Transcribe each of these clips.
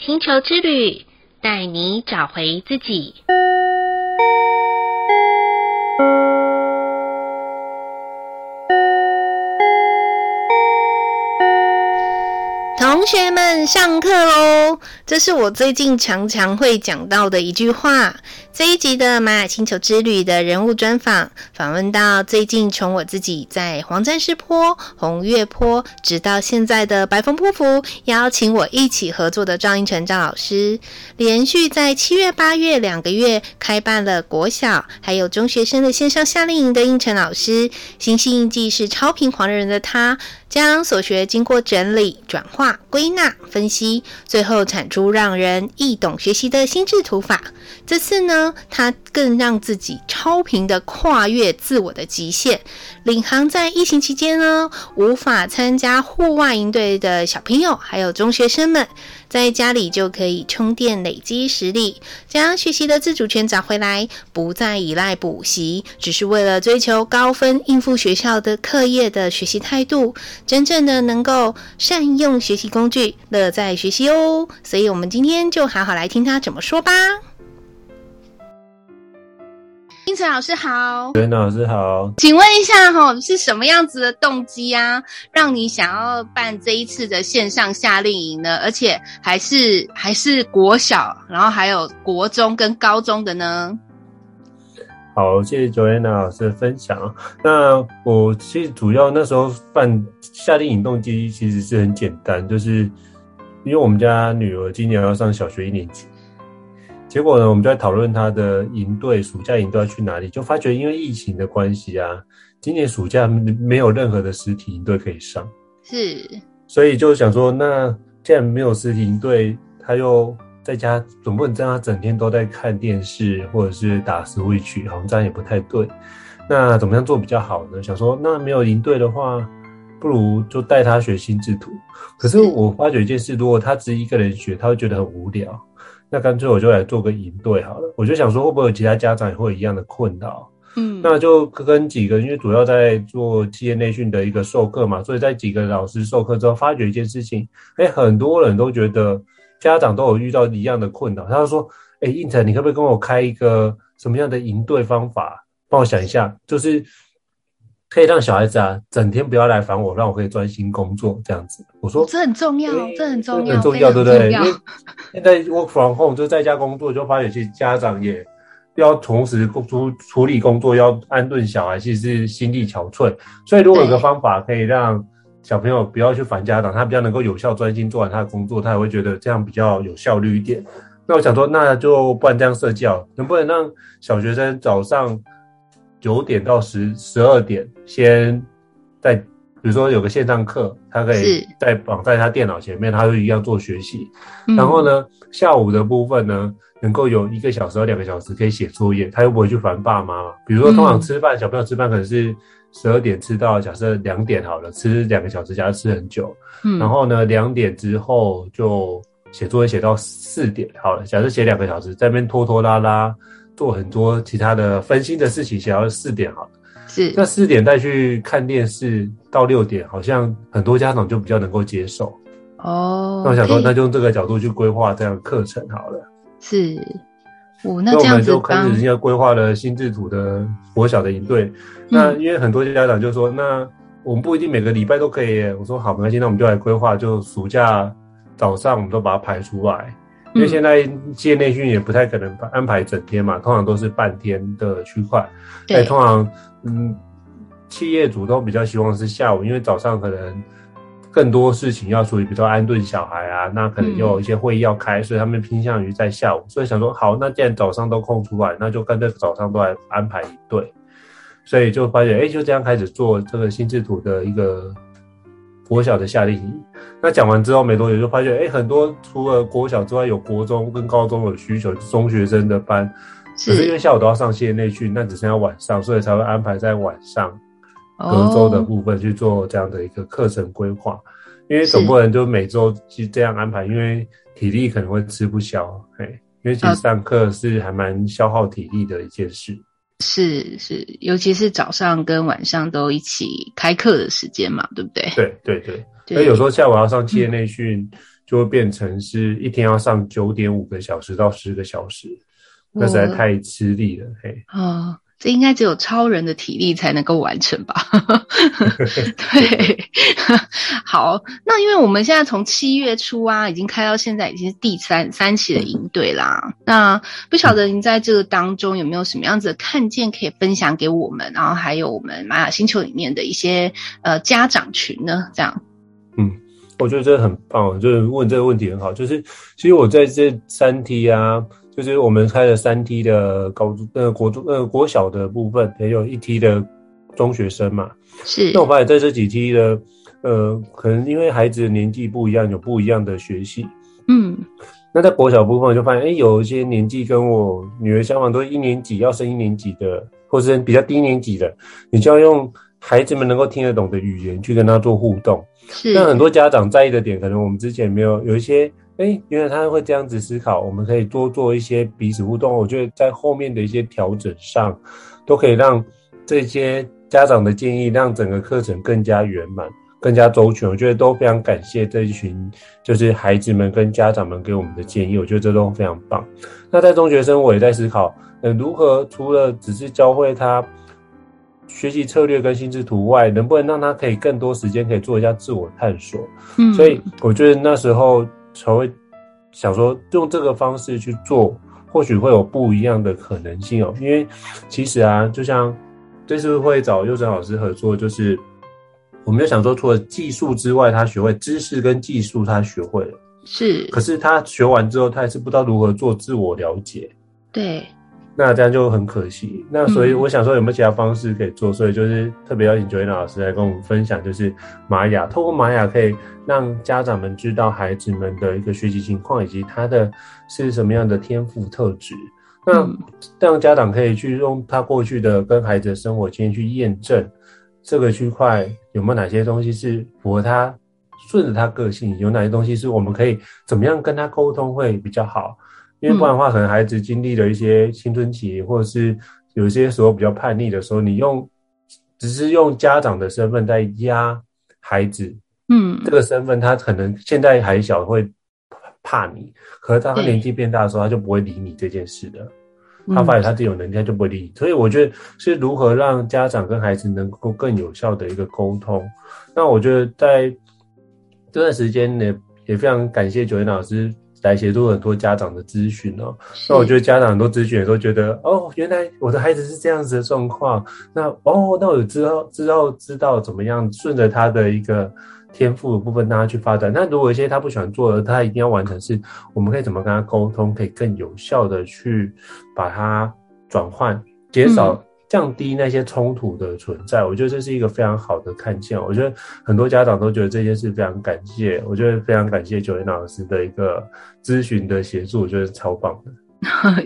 星球之旅，帶你找回自己。同學們，上課嘍！這是我最近常常會講到的一句話。這一集的《馬雅星球之旅》的人物專訪，訪問到最近從我自己在黃戰士波、紅月波，直到現在的白風波符，邀請我一起合作的趙胤丞趙老師，連續在七月、八月兩個月開辦了國小還有中學生的線上夏令營的胤丞老師，星系印記是超頻黃人的他，將所學經過整理轉化。歸納分析，最後產出讓人易懂學習的心智圖法。這次呢，他更讓自己超頻的跨越自我的極限。領航在疫情期間呢，無法參加戶外營隊的小朋友，還有中學生們，在家裡就可以充電累積實力，將學習的自主權找回來，不再依賴補習，只是為了追求高分應付學校的課業的學習態度，真正的能夠善用學習工。工具樂在學習哦，所以我們今天就好好來聽他怎麼說吧。胤丞老師好，胤丞老師好，請問一下哈，是什麼樣子的動機啊，讓你想要辦這一次的線上夏令營呢？而且還是還是國小，然後還有國中跟高中的呢？好，謝謝 Joanna 老師的分享。那我其實主要那時候辦夏令營動機其實是很簡單，就是因為我們家女兒今年要上小學一年級，結果呢，我們就在討論她的營隊、暑假營隊要去哪裡，就發覺因為疫情的關係啊，今年暑假沒有任何的實體營隊可以上，是，所以就想說，那既然沒有實體營隊，她又。在家總不能這樣，整天都在看電視或者是打 switch。好像這樣也不太對。那怎麼樣做比較好呢？想說，那沒有營隊的話，不如就帶他學心智圖。可是我發覺一件事，是如果他只一個人學，他會覺得很無聊。那乾脆我就來做個營隊好了。我就想說，會不會有其他家長也會有一樣的困擾？嗯，那就跟幾個，因為主要在做企業內訓的一個授課嘛，所以在幾個老師授課之後，發覺一件事情，誒，欸，很多人都覺得。家長都有遇到一樣的困擾，他說：“哎、欸，胤丞，你可不可以跟我開一個什麼樣的營隊方法？幫我想一下，就是可以讓小孩子啊整天不要來煩我，讓我可以專心工作這樣子。”我說：“這很重要，欸、這很重要，很重要，對不對？因為現在 work from home，就在家工作，就發現其實家長也要同時工處處理工作，要安頓小孩，其實是心力憔悴。所以，如果有個方法可以讓……”小朋友不要去煩家長，他比較能夠有效專心做完他的工作，他也會覺得這樣比較有效率一點。那我想說，那就不然這樣設計哦，能不能讓小學生早上九點到十十二點先在，比如說有個線上課，他可以在綁在他電腦前面，是他就一樣做學習。嗯、然後呢，下午的部分呢，能夠有一個小時或兩個小時可以寫作業，他又不會去煩爸媽。比如說，通常吃飯，嗯、小朋友吃飯可能是。十二點吃到假設兩點好了，吃兩個小時，假設吃很久，嗯，然後呢，兩點之後就寫作業寫到四點好了，假設寫兩個小時，在那邊拖拖拉拉做很多其他的分心的事情，寫到四點好了，是，那四點再去看電視到六點，好像很多家長就比較能夠接受哦。那我想說，那就用這個角度去規劃這樣課程好了，是。哦、那我們就開始現在規劃了心智圖的國小的營隊。嗯、那因為很多家長就說，那我們不一定每個禮拜都可以。我說好，沒關係，現在我們就來規劃，就暑假早上我們都把它排出來。因為現在企業內訓也不太可能安排整天嘛，通常都是半天的區塊。嗯、對，通常嗯，企業主都比較希望是下午，因為早上可能更多事情要處理，比如說安頓小孩啊，那可能又有一些會議要開，嗯、所以他們偏向於在下午。所以想說，好，那既然早上都空出來，那就乾脆早上都來安排一對。所以就發現，哎、欸，就這樣開始做這個心智圖的一個國小的夏令營。那講完之後沒多久，就發現，哎、欸，很多除了國小之外，有國中跟高中有需求，中學生的班，是可是因為下午都要上線內訓，那只剩下晚上，所以才會安排在晚上。隔週的部分去做這樣的一個課程規劃，因為總部人就每周就這樣安排，是因為體力可能會吃不消，嘿，因為其實上課是還蠻消耗體力的一件事。是是，尤其是早上跟晚上都一起開課的時間嘛，對不對？對對對，對，所以有時候下午要上企業內訓，嗯、就會變成是一天要上九點五個小時到十個小時，我那實在太吃力了，嘿。啊、哦。這應該只有超人的體力才能夠完成吧？ 對， 好，那因為我們現在從七月初啊，已經開到現在已經是第三三期的營隊啦。那不曉得您在這個當中有沒有什麼樣子的看見可以分享給我們，然後還有我們馬雅星球裡面的一些呃家長群呢？這樣，嗯，我覺得真的很棒，就是問這個問題很好，就是其實我在這三梯啊。就是我們開了三梯的高中，呃國中呃國小的部分，也有一梯的中學生嘛。是。那我發現在這幾梯的呃，可能因為孩子的年紀不一樣，有不一樣的學習。嗯。那在國小部分我就發現，哎、欸，有一些年紀跟我女兒相仿，都一年級要升一年級的，或是比較低年級的，你就要用孩子們能夠聽得懂的語言去跟他做互動。是。那很多家長在意的點，可能我們之前沒有有一些。哎、欸，原來他會這樣子思考，我們可以多做一些彼此互動。我覺得在後面的一些調整上，都可以讓這些家長的建議讓整個課程更加圓滿、更加周全。我覺得都非常感謝這一群，就是孩子們跟家長們給我們的建議。我覺得這都非常棒。那在中學生，我也在思考，嗯，如何除了只是教會他學習策略跟心智圖外，能不能讓他可以更多時間可以做一下自我探索？嗯，所以我覺得那時候。才會想說用這個方式去做，或許會有不一樣的可能性哦、喔。因為其實啊，就像這次會找胤丞老師合作，就是我沒有想說，除了技術之外，他學會知識跟技術，他學會了，是。可是他學完之後，他還是不知道如何做自我了解。對。那這樣就很可惜。那所以我想說，有沒有其他方式可以做？嗯、所以就是特別邀請胤丞老師來跟我們分享，就是瑪雅，透過瑪雅可以讓家長們知道孩子們的一個學習情況，以及他的是什麼樣的天賦特質。嗯、那讓家長可以去用他過去的跟孩子的生活經驗去驗證這個區塊有沒有哪些東西是符合他、順着他個性，有哪些東西是我們可以怎麼樣跟他溝通會比較好。因為不然的話，可能孩子經歷了一些青春期，或者是有些時候比較叛逆的時候，你用只是用家長的身份在壓孩子，嗯，這個身份他可能現在還小會怕你，可是當他年紀變大的時候，欸、他就不會理你這件事的。嗯、他發現他自己有能力，他就不理你。所以我覺得是如何讓家長跟孩子能夠更有效的一個溝通。那我覺得在這段時間也也非常感謝胤丞老師，來協助很多家長的諮詢哦，是那我覺得家長很多諮詢也都覺得哦，原來我的孩子是這樣子的狀況，那哦，那我就知道知道知道怎麼樣順着他的一個天賦的部分，讓他去發展。那如果一些他不喜歡做的，他一定要完成，是我們可以怎麼跟他溝通，可以更有效的去把他轉換，減少。嗯降低那些衝突的存在，我覺得這是一個非常好的看見。我覺得很多家長都覺得這件事非常感謝，我覺得非常感謝胤丞老師的一個諮詢的協助，我覺得超棒的，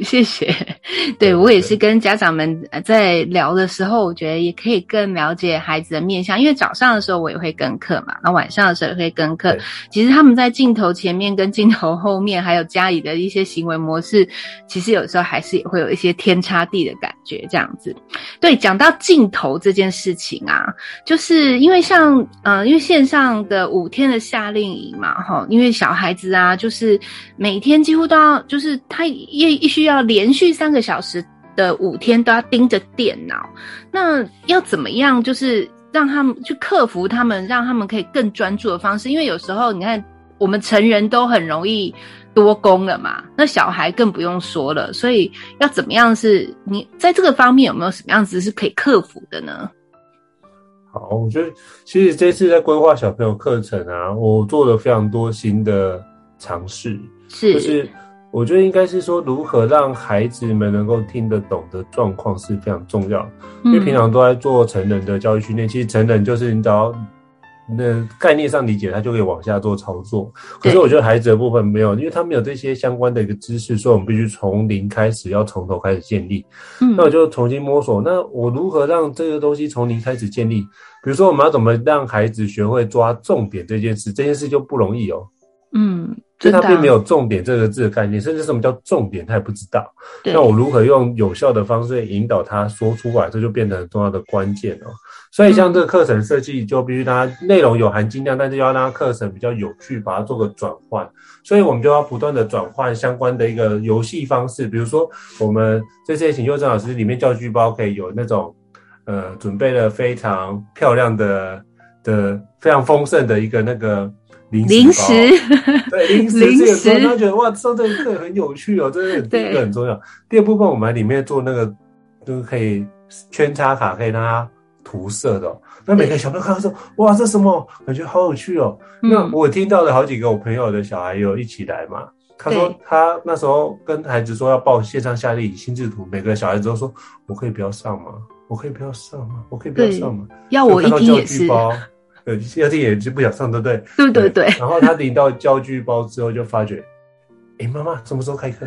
謝謝。對，我也是跟家長們在聊，呃、在聊的時候，我覺得也可以更了解孩子的面相，因為早上的時候我也會跟課嘛，那、啊、晚上的時候也會跟課。對其實他們在鏡頭前面跟鏡頭後面，還有家裡的一些行為模式，其實有的時候還是也會有一些天差地的感覺這樣子。對，講到鏡頭這件事情啊，就是因為像呃因為線上的五天的夏令營嘛，哈，因為小孩子啊，就是每天幾乎都要，就是他一一，需要連續三個小。小時的五天都要盯着電腦，那要怎麼樣？就是讓他們去克服他們，讓他們可以更專注的方式。因為有時候你看，我們成人都很容易多工了嘛，那小孩更不用說了。所以要怎麼樣是？是你在這個方面有沒有什麼樣子是可以克服的呢？好，我覺得其實這次在規劃小朋友課程啊，我做了非常多新的嘗試，是是。就是我覺得應該是說，如何讓孩子們能夠聽得懂的狀況是非常重要。因為平常都在做成人的教育訓練，其實成人就是你只要那概念上理解，他就可以往下做操作。可是我覺得孩子的部分沒有，因為他沒有這些相關的一個知識，所以我們必須從零開始，要從頭開始建立。那我就重新摸索，那我如何讓這個東西從零開始建立？比如說，我們要怎麼讓孩子學會抓重點這件事？這件事就不容易哦，喔。嗯。就以他並沒有“重點”這個字的概念，啊、甚至什麼叫“重點”他也不知道。那對我如何用有效的方式引導他說出來，這就變得很重要的關鍵了。所以像這個課程設計，就必須他內容有含金量，嗯、但是要讓他課程比較有趣，把它做個轉換。所以我們就要不斷的轉換相關的一個遊戲方式，比如說我們這些請胤丞老師裡面教具包可以有那種，呃，準備了非常漂亮的、的非常豐盛的一個那個。零食,零食，對零食,時零食，有時候他覺得哇，上這個課很有趣哦，這是、個、第個很重要。對第二部分我們裡面做那個，就是可以圈插卡，可以讓他塗色的、哦。那每個小朋友看到說，對哇，這什麼感覺好有趣哦。那、嗯、我聽到了好幾個我朋友的小孩有一起來嘛，對他說他那時候跟孩子說要報線上夏令營心智圖，每個小孩子都說我可以不要上嗎？我可以不要上嗎？我可以不要上嗎？要我一聽也是、教具包。對，有戴眼睛不想上，對不對？嗯、對對對，對。然後他領到教具包之後，就發覺，哎， 媽媽什麼時候開課？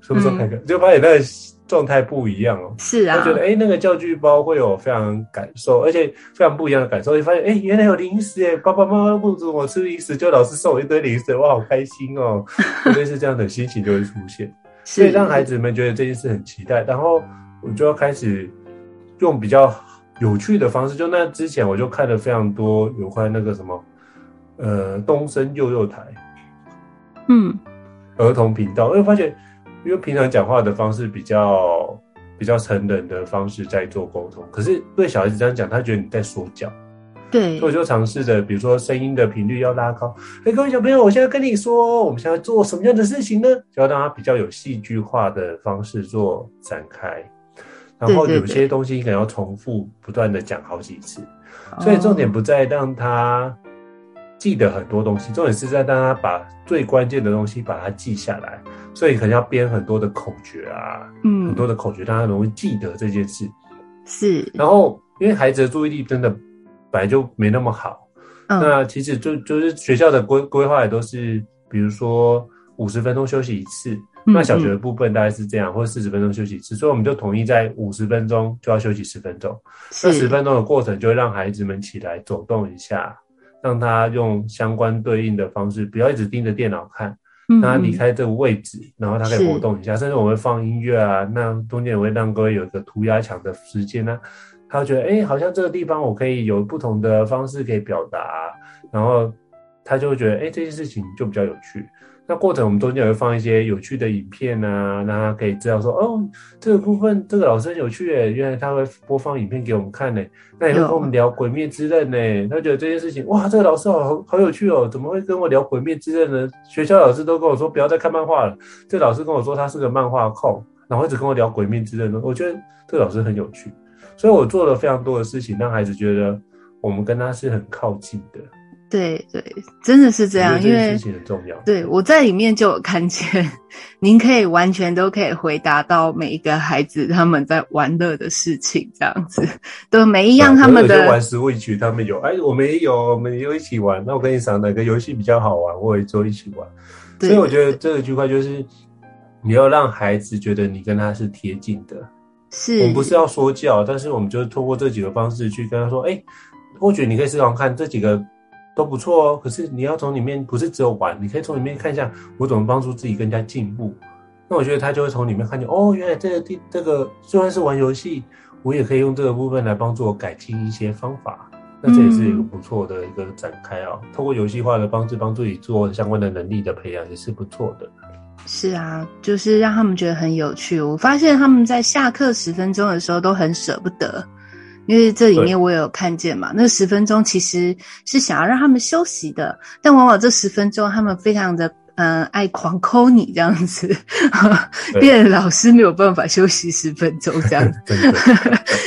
什麼時候開課？嗯、就發現那個狀態不一樣哦。是啊。他覺得哎，那個教具包會有非常感受，而且非常不一樣的感受。就發現哎，原來有零食耶！爸爸媽媽不准我吃零食，就老師送我一堆零食，我好開心哦。類似 這樣的心情就會出現，是所以讓孩子們覺得這件事很期待。然後我就要開始用比較。有趣的方式，就那之前我就看了非常多有關那個什麼，呃，東森幼幼台，嗯，兒童頻道，我發覺，因為平常講話的方式比較比較成人的方式在做溝通，可是對小孩子這樣講，他覺得你在說教，對，所以我就嘗試着，比如說聲音的頻率要拉高，哎、欸，各位小朋友，我現在跟你說，我們現在做什麼樣的事情呢？就要讓他比較有戲劇化的方式做展開。然後有些東西可能要重複不斷的講好幾次，對對對，所以重點不在讓他記得很多東西，哦、重點是在讓他把最關鍵的東西把它記下來。所以可能要編很多的口訣啊，嗯，很多的口訣讓他容易記得這件事。是。然後因為孩子的注意力真的本來就沒那麼好，哦、那其實就就是學校的規規劃也都是，比如說五十分鐘休息一次。那小學的部分大概是這樣，嗯、哼或四十分鐘休息，所以我們就統一在五十分鐘就要休息十分鐘。是那十分鐘的過程就會讓孩子們起來走動一下，讓他用相關對應的方式，不要一直盯着電腦看，讓他離開這個位置，嗯、哼然後他可以活動一下。是甚至我們會放音樂啊，那中間也會讓各位有一個塗鴉牆的時間呢、啊。他會覺得哎、欸，好像這個地方我可以有不同的方式可以表達、啊，然後他就會覺得哎、欸，這些事情就比較有趣。那過程，我們中間也會放一些有趣的影片啊，讓他可以知道說，哦，這個部分這個老師很有趣欸，原來他會播放影片給我們看欸。那也會跟我們聊《鬼滅之刃》欸。他覺得這件事情，哇，這個老師好好有趣哦，怎麼會跟我聊《鬼滅之刃》呢？學校老師都跟我說不要再看漫畫了，這老師跟我說他是個漫畫控，然後一直跟我聊《鬼滅之刃》呢。我覺得這個老師很有趣，所以我做了非常多的事情，讓孩子覺得我們跟他是很靠近的。對對，真的是這樣，因為事情很重要。對，對我在裡面就有看見，您可以完全都可以回答到每一個孩子他們在玩樂的事情，這樣子，對，每一樣他們的。啊、玩食物區，他們有哎，我們也有，我們也有一起玩。那我跟你講，哪個遊戲比較好玩，我也坐一起玩。對所以我覺得這個句話就是，你要讓孩子覺得你跟他是貼近的。是，我們不是要說教，但是我們就是通過這幾個方式去跟他說，哎，或許你可以試試看這幾個。都不錯哦，可是你要從裡面不是只有玩，你可以從裡面看一下我怎麼幫助自己更加進步。那我覺得他就會從裡面看見哦，原來這個地這個、這個、雖然是玩遊戲，我也可以用這個部分來幫助我改進一些方法。那這也是一個不錯的一個展開啊、哦、透、嗯、過遊戲化的方式幫助你做相關的能力的培養也是不錯的。是啊，就是讓他們覺得很有趣。我發現他們在下課十分鐘的時候都很捨不得。因為這裡面我有看見嘛，對那十分鐘其實是想要讓他們休息的，但往往這十分鐘他們非常的嗯愛狂摳你這樣子，呵呵對變老師沒有辦法休息十分鐘這樣子。對，對，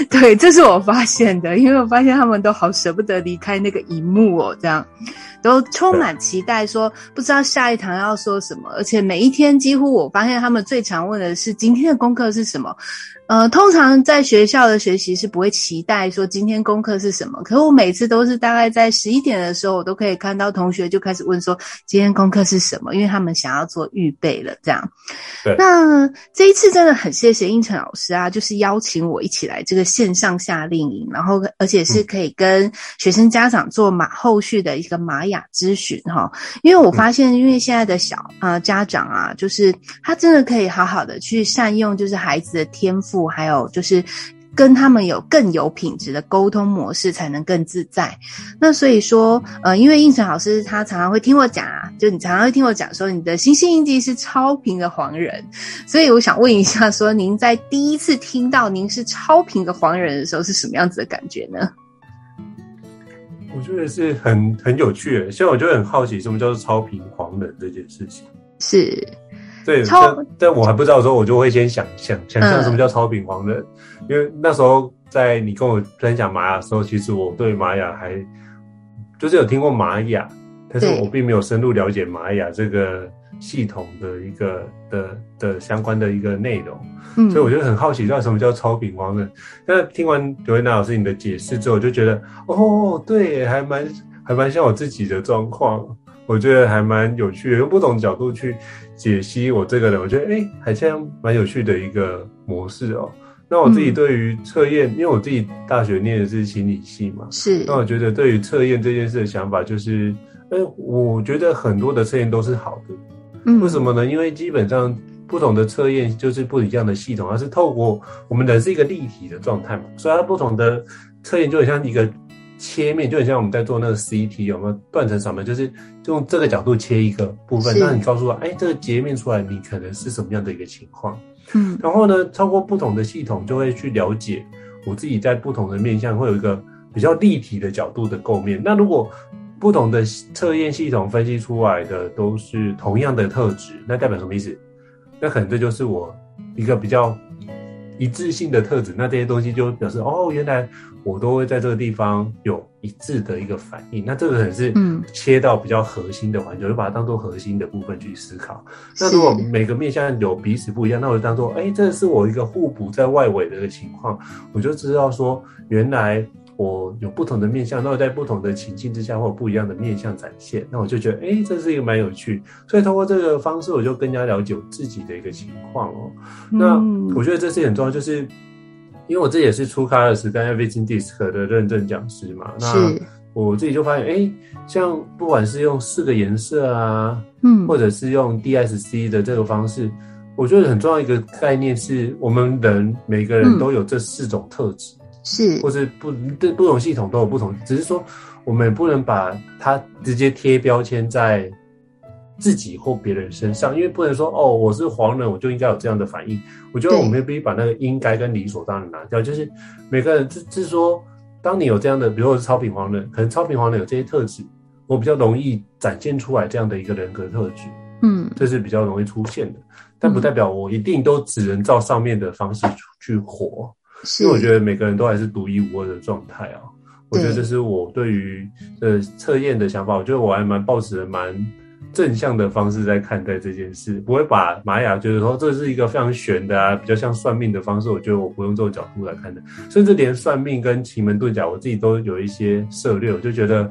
對， 對，這是我發現的，因為我發現他們都好捨不得離開那個熒幕哦，這樣都充滿期待說，說對不知道下一堂要說什麼，而且每一天幾乎我發現他們最常問的是今天的功課是什麼。呃，通常在學校的學習是不會期待說，今天功課是什麼，可是我每次都是大概在十一點的時候，我都可以看到同學就開始問說，今天功課是什麼，因為他們想要做預備了這樣。對那這一次真的很謝謝胤丞老師啊，就是邀請我一起來這個線上夏令營，然後而且是可以跟學生家長做馬後續的一個瑪雅諮詢哈，嗯、因為我發現，因為現在的小啊、呃、家長啊，就是他真的可以好好的去善用就是孩子的天賦。還有就是，跟他們有更有品質的溝通模式，才能更自在。那所以說，呃，因為胤丞老師他常常會聽我講啊，就你常常會聽我講說，你的星系印記是超頻的黃人。所以我想問一下說，說您在第一次聽到您是超頻的黃人的時候，是什麼樣子的感覺呢？我覺得是很很有趣，的。所以我就很好奇，什麼叫做超頻黃人這件事情？是。對，超但但我還不知道的時候，我就會先想想想象什麼叫超頻黃人，嗯、因為那時候在你跟我分享瑪雅的時候，其實我對瑪雅還就是有聽過瑪雅，但是我並沒有深入了解瑪雅這個系統的一個的的相關的一個內容，嗯、所以我就很好奇，知道什麼叫超頻黃人。那聽完劉維娜老師你的解釋之後，我就覺得，對哦，對，還蠻還蠻像我自己的狀況。我覺得還蠻有趣的，用不同角度去解析我這個人，我覺得哎、欸，還像蠻有趣的一個模式哦。那我自己對於測驗，嗯、因為我自己大學念的是心理系嘛，是。那我覺得對於測驗這件事的想法就是，哎、欸，我覺得很多的測驗都是好的，嗯、為什麼呢？因為基本上不同的測驗就是不一樣的系統，它是透過我們人是一個立體的狀態嘛，所以它不同的測驗就很像一個。切面就很像我們在做那個 CT，有沒有斷層掃描，就是就用這個角度切一個部分。那是你告訴我，哎，這個截面出來，你可能是什麼樣的一個情況？嗯，然後呢，透過不同的系統，就會去了解我自己在不同的面向，會有一個比較立體的角度的構面。那如果不同的測驗系統分析出來的都是同樣的特質，那代表什麼意思？那可能這就是我一個比較一致性的特質。那這些東西就表示，哦，原來。我都會在這個地方有一致的一個反應，那這個可能是切到比較核心的環節，我、嗯、就把它當做核心的部分去思考。是那如果每個面相有彼此不一樣，那我就當做，誒、欸，這是我一個互補在外圍的一個情況，我就知道說，原來我有不同的面相，那我在不同的情境之下會有不一樣的面相展現，那我就覺得，誒、欸，這是一個蠻有趣，所以通過這個方式，我就更加了解我自己的一個情況哦、喔。那我覺得這是很重要，就是。因為我自己也是初卡的時候跟 Everything DISC 的認證講師嘛，是那我自己就發現，哎、欸，像不管是用四個顏色啊，嗯，或者是用 DSC 的這個方式，我覺得很重要一個概念是，我們人每個人都有這四種特質、嗯，是，或者不，不同系統都有不同，只是說我們也不能把它直接貼標籤在。自己或別人身上，因為不能說哦，我是黃人，我就應該有這樣的反應。我覺得我們必須把那個應該跟理所當然拿掉。對就是每個人，就是說，當你有這樣的，比如我是超頻黃人，可能超頻黃人有這些特質，我比較容易展現出來這樣的一個人格特質。嗯，這是比較容易出現的，但不代表我一定都只能照上面的方式去、嗯、去活。是因為我覺得每個人都還是獨一無二的狀態啊。對我覺得這是我對於呃測驗的想法。我覺得我還蠻抱持的蠻。蠻正向的方式在看待這件事，不會把瑪雅就是說，這是一個非常玄的啊，比較像算命的方式。我覺得我不用這種角度來看的，甚至連算命跟奇門遁甲，我自己都有一些涉獵。我就覺得，誒、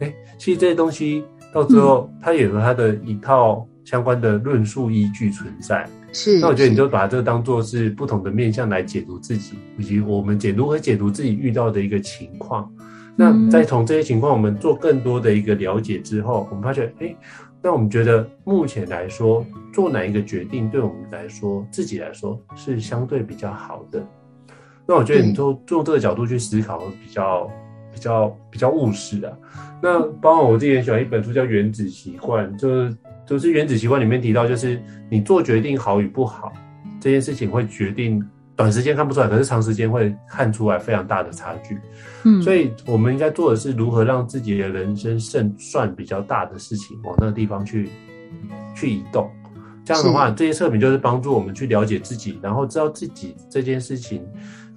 欸，其實這些東西到最後它也有它的一套相關的論述依據存在。是，是，那我覺得你就把這個當做是不同的面向來解讀自己，以及我們解讀和解讀自己遇到的一個情況。嗯、那再從這些情況我們做更多的一個了解之後，我們發覺，誒、欸。那我們覺得目前來說，做哪一個決定對我們來說自己來說是相對比較好的。那我覺得你從從這個角度去思考會比較比較比較務實啊。那包括我自己也喜歡一本書叫《原子習慣》，就是就是《原子習慣》裡面提到，就是你做決定好與不好這件事情會決定。短時間看不出來，可是長時間會看出來非常大的差距。嗯，所以我們應該做的是如何讓自己的人生勝算比較大的事情，往那個地方去去移動。這樣的話，是這些測評就是幫助我們去了解自己，然後知道自己這件事情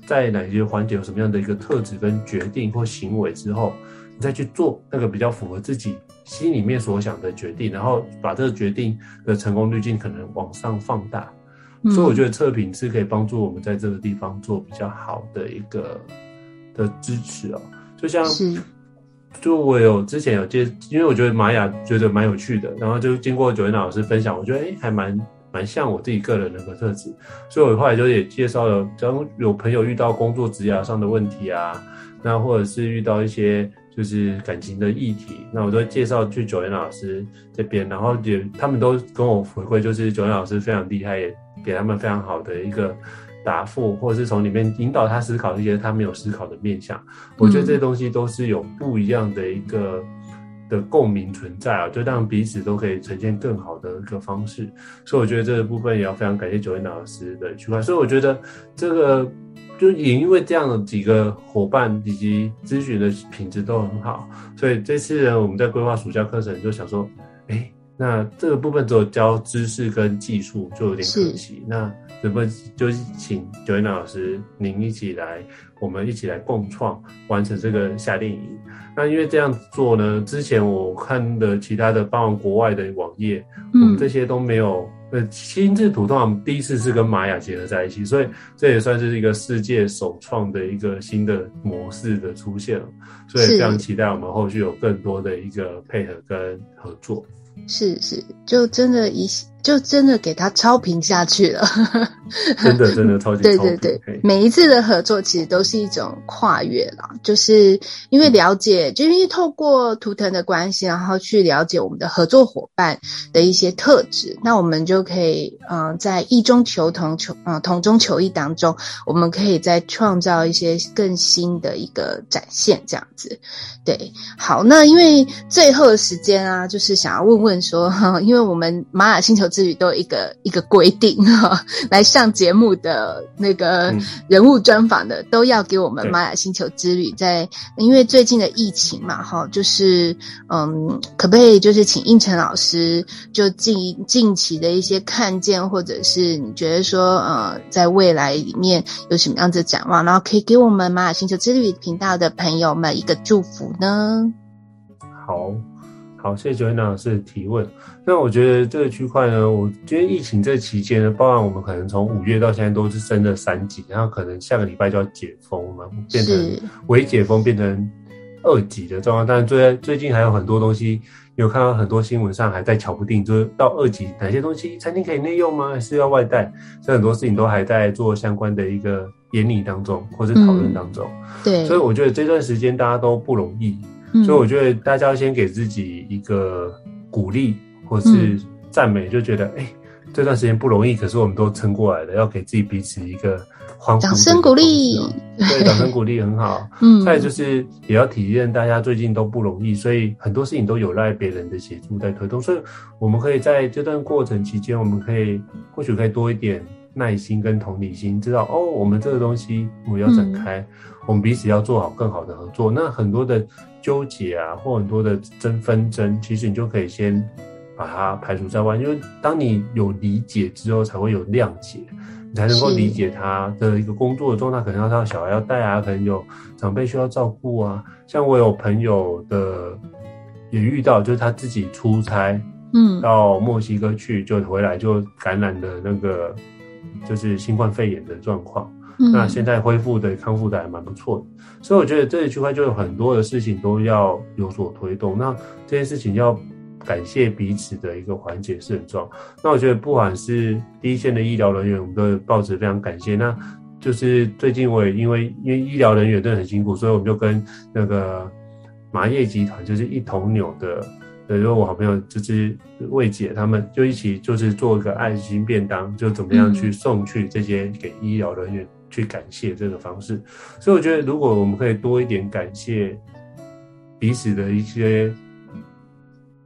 在哪些環節有什麼樣的一個特質跟決定或行為之後，你再去做那個比較符合自己心裡面所想的決定，然後把這個決定的成功率儘可能往上放大。嗯、所以我覺得測評是可以幫助我們在這個地方做比較好的一個的支持哦、喔。就像，就我有之前有介，因為我覺得瑪雅覺得蠻有趣的，然後就經過九言老師分享，我覺得哎還蠻蠻像我自己個人的一個特質。所以我後來就也介紹了，當有朋友遇到工作職涯上的問題啊，那或者是遇到一些就是感情的議題，那我就介紹去九言老師這邊，然後也他們都跟我回饋，就是九言老師非常厲害。給他們非常好的一個答覆，或者是從裡面引導他思考一些他沒有思考的面向。嗯、我覺得這些東西都是有不一樣的一個的共鳴存在啊，就讓彼此都可以呈現更好的一個方式。所以我覺得這個部分也要非常感謝九雲老師的一句。所以我覺得這個就也因為這樣的幾個夥伴以及諮詢的品質都很好，所以這次呢，我們在規劃暑假課程，就想說，哎。那這個部分只有教知識跟技術就有點可惜。是那怎麼就是請胤丞老師您一起來，我們一起來共創完成這個夏令營。那因為這樣做呢，之前我看的其他的包括國外的網頁，嗯，這些都沒有。呃、嗯，心智圖，通常第一次是跟瑪雅結合在一起，所以這也算是一個世界首創的一個新的模式的出現了。所以非常期待我們後續有更多的一個配合跟合作。是是，就真的以。就真的給他超頻下去了真、真的真的超級超 對對對。每一次的合作其實都是一種跨越啦，就是因為了解，嗯、就是因為透過圖騰的關係，然後去了解我們的合作夥伴的一些特質，那我們就可以嗯、呃，在異中求同求嗯、呃，同中求異當中，我們可以再創造一些更新的一個展現這樣子。對，好，那因為最後的時間啊，就是想要問問說，呃、因為我們馬雅星球。之旅都有一個一個規定哈，來上節目的那個人物專訪的、嗯、都要給我們馬雅星球之旅在，對因為最近的疫情嘛哈，就是嗯，可不可以就是請胤丞老師就近近期的一些看見或者是你覺得說呃，在未來裡面有什麼樣子展望，然後可以給我們馬雅星球之旅頻道的朋友們一個祝福呢？好。好，謝謝九院長老師的提問。那我覺得這個區塊呢，我覺得疫情這個期間呢，包含我們可能從五月到現在都是升了三級，然後可能下個禮拜就要解封嘛，變成微解封，變成二級的狀況。是但是最最近還有很多東西，有看到很多新聞上還在瞧不定，就是到二級哪些東西，餐廳可以內用嗎？還是要外帶？所以很多事情都還在做相關的一個研擬當中，或是討論當中。嗯、對，所以我覺得這段時間大家都不容易。所以我覺得大家要先給自己一個鼓勵，嗯、或是讚美，就覺得誒、欸、這段時間不容易，可是我們都撐過來了。要給自己彼此一個歡呼掌聲鼓勵，對，掌聲鼓勵很好。嗯嘿，再來就是也要體驗大家最近都不容易，嗯、所以很多事情都有賴別人的協助在推動。所以我們可以在這段過程期間，我們可以或許可以多一點耐心跟同理心，知道哦，我們這個東西我們要展開。嗯我們彼此要做好更好的合作，那很多的糾結啊，或很多的爭紛爭，其實你就可以先把它排除在外，因為當你有理解之後，才會有諒解，你才能夠理解他的一個工作的狀態。是可能他的小孩要帶啊，可能有長輩需要照顧啊。像我有朋友的，也遇到，就是他自己出差，嗯，到墨西哥去，嗯、就回來就感染的那個，就是新冠肺炎的狀況。那現在恢復的，康復的還蠻不錯的，所以我覺得這一區塊就有很多的事情都要有所推動。那這件事情要感謝彼此的一個緩解症狀。重，那我覺得不管是第一線的醫療人員，我們都抱着非常感謝。那就是最近我也因為，因為醫療人員真的很辛苦，所以我們就跟那個麻葉集團，就是一頭牛的，對，因為我好朋友就是魏姐，他們就一起就是做一個愛心便當，就怎麼樣去送去這些給醫療人員。嗯。去感謝這個方式，所以我覺得如果我們可以多一點感謝彼此的一些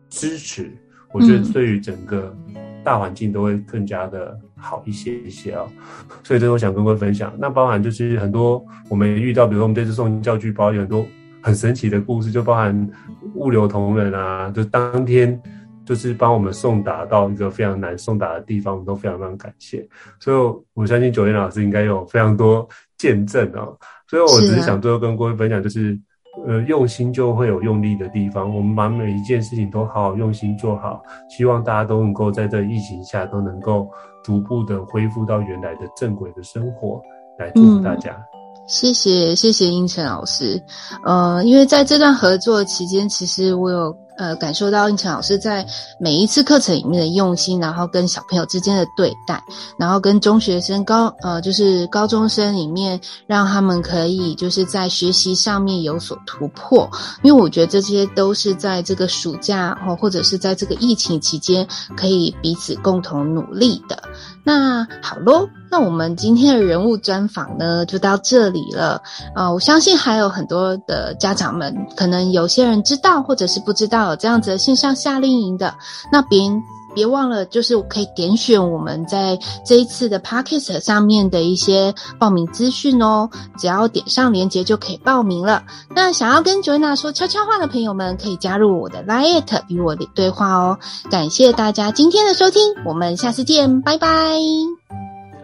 支持，我覺得對於整個大環境都會更加的好一些一些啊、哦。嗯。所以這我想跟各位分享。那包含就是很多我們遇到，比如說我們這次送教具包，有很多很神奇的故事，就包含物流同仁啊，就當天。就是幫我們送達，到一個非常難送達的地方，我們都非常非常感謝。所以，我相信九店老師應該有非常多見證哦、喔。所以，我只是想最後跟各位分享，就是，是、啊、呃，用心就會有用力的地方。我們把每一件事情都好好用心做好，希望大家都能夠在這疫情下都能夠逐步的恢復到原來的正軌的生活，來祝福大家。嗯、謝謝，謝謝胤丞老師。呃，因為在這段合作期間，其實我有。呃，感受到胤丞老師在每一次課程裡面的用心，然後跟小朋友之間的對待，然後跟中學生高，呃，就是高中生裡面，讓他們可以就是在學習上面有所突破。因為我覺得這些都是在這個暑假或者是在這個疫情期間，可以彼此共同努力的。那好嘍。那我們今天的人物專訪呢，就到這裡了。啊、呃，我相信還有很多的家長們，可能有些人知道，或者是不知道有這樣子的線上夏令營的。那別別忘了，就是可以點選我們在這一次的 Podcast 上面的一些報名資訊哦。只要點上鏈接就可以報名了。那想要跟 Joanna 說悄悄話的朋友們，可以加入我的 LINE@ 與我的對話哦。感謝大家今天的收聽，我們下次見，拜拜。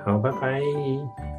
好，拜拜。